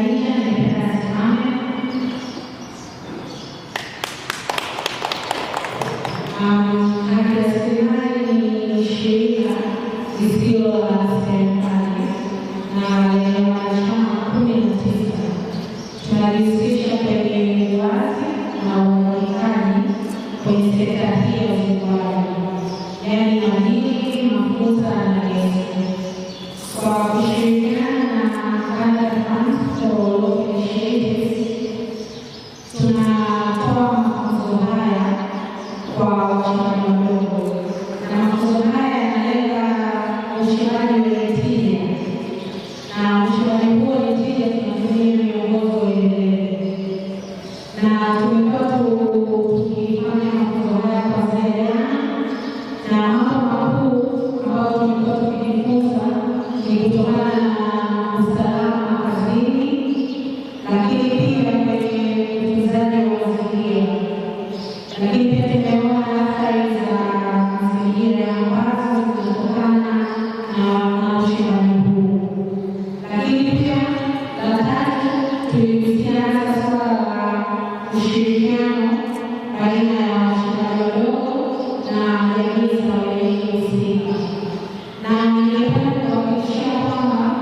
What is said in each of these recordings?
Aisha ningependa asimame. Haki serikali na lenye wanachama kumi na tisa. Tunajihusisha kwenye uwazi na uonekani kwenye sekta hii ya usimbaji, yaani ningependa kuhakikishia kwamba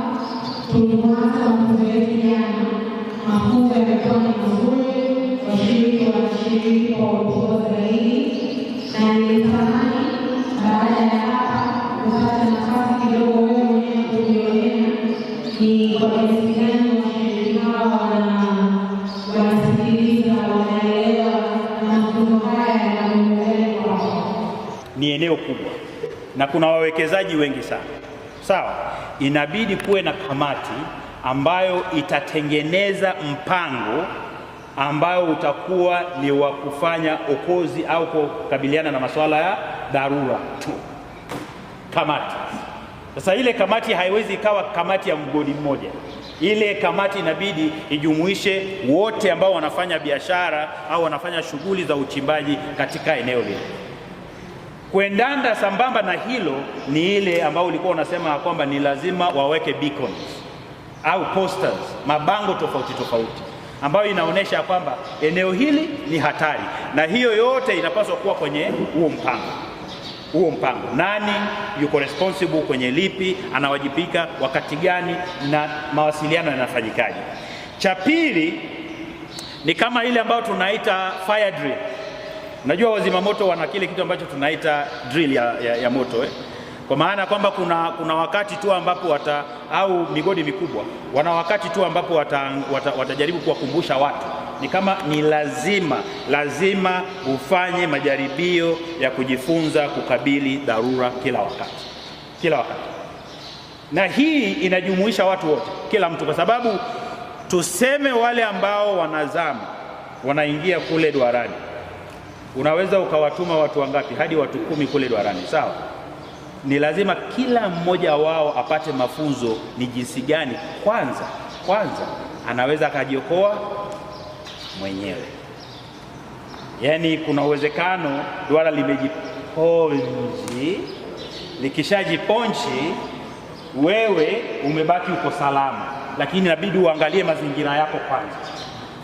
tulianza mafunzo yetu washiriki wanashiriki kwa zaidi, na nilitamani baada ya hapa kupata kidogo wewe mwenyewe ni kwa kiasi gani wanaelewa mafunzo haya yanayoendelea. Ni eneo kubwa na kuna wawekezaji wengi sana sawa. Inabidi kuwe na kamati ambayo itatengeneza mpango ambayo utakuwa ni wa kufanya okozi au kukabiliana na masuala ya dharura tu. Kamati sasa, ile kamati haiwezi ikawa kamati ya mgodi mmoja. Ile kamati inabidi ijumuishe wote ambao wanafanya biashara au wanafanya shughuli za uchimbaji katika eneo lile. Kuendanda sambamba na hilo ni ile ambayo ulikuwa unasema kwamba ni lazima waweke beacons au posters, mabango tofauti tofauti ambayo inaonyesha kwamba eneo hili ni hatari, na hiyo yote inapaswa kuwa kwenye huo mpango huo mpango. Nani yuko responsible kwenye lipi, anawajibika wakati gani, na mawasiliano yanafanyikaje? Cha pili ni kama ile ambayo tunaita fire drill unajua wazima moto wana kile kitu ambacho tunaita drill ya, ya, ya moto eh. Kwa maana kwamba kuna, kuna wakati tu ambapo wata au migodi mikubwa wana wakati tu ambapo watajaribu wata, watajaribu kuwakumbusha watu ni kama ni lazima lazima ufanye majaribio ya kujifunza kukabili dharura kila wakati, kila wakati, na hii inajumuisha watu wote, kila mtu, kwa sababu tuseme wale ambao wanazama wanaingia kule duarani unaweza ukawatuma watu wangapi? Hadi watu kumi kule dwarani, sawa. Ni lazima kila mmoja wao apate mafunzo ni jinsi gani kwanza kwanza anaweza akajiokoa mwenyewe. Yaani, kuna uwezekano duara limejiponji, likishajiponji wewe umebaki uko salama, lakini inabidi uangalie mazingira yako kwanza.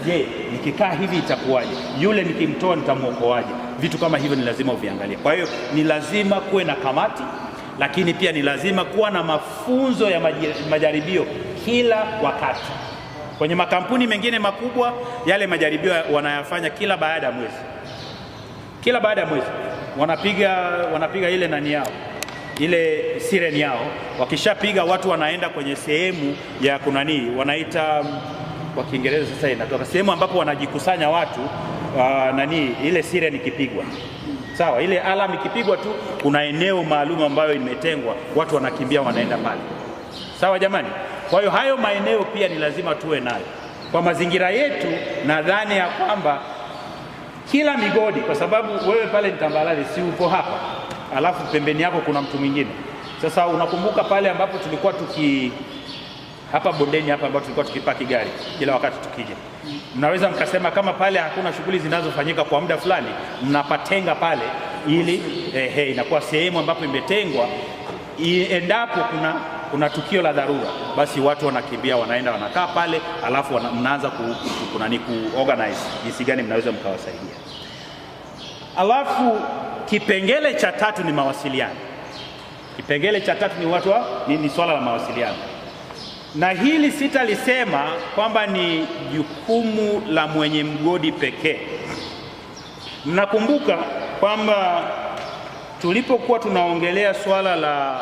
Je, nikikaa hivi itakuwaje? Yule nikimtoa nitamwokoaje? Vitu kama hivyo ni lazima uviangalie. Kwa hiyo ni lazima kuwe na kamati, lakini pia ni lazima kuwa na mafunzo ya majaribio kila wakati. Kwenye makampuni mengine makubwa yale majaribio wanayafanya kila baada ya mwezi, kila baada ya mwezi wanapiga wanapiga ile nani yao ile sireni yao. Wakishapiga watu wanaenda kwenye sehemu ya kunanii, wanaita kwa Kiingereza sasa inatoka sehemu ambapo wanajikusanya watu uh, nani ile siren ikipigwa sawa, ile alarm ikipigwa tu, kuna eneo maalum ambayo imetengwa, watu wanakimbia wanaenda pale. Sawa jamani, kwa hiyo hayo maeneo pia ni lazima tuwe nayo kwa mazingira yetu. Nadhani ya kwamba kila migodi, kwa sababu wewe pale ni tambalale, si upo hapa, alafu pembeni yako kuna mtu mwingine. Sasa unakumbuka pale ambapo tulikuwa tuki hapa bondeni hapa ambapo tulikuwa tukipaki gari kila wakati tukija. Mnaweza mkasema kama pale hakuna shughuli zinazofanyika kwa muda fulani, mnapatenga pale ili eh, inakuwa sehemu ambapo imetengwa, endapo kuna kuna tukio la dharura, basi watu wanakimbia wanaenda wanakaa pale, alafu wana, mnaanza ku, ku, ku, ku organize jinsi gani mnaweza mkawasaidia. Alafu kipengele cha tatu ni mawasiliano. Kipengele cha tatu ni watu ni, ni swala la mawasiliano na hili sitalisema kwamba ni jukumu la mwenye mgodi pekee. Mnakumbuka kwamba tulipokuwa tunaongelea swala la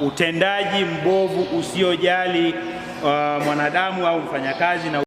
utendaji mbovu usiojali uh, mwanadamu au mfanyakazi na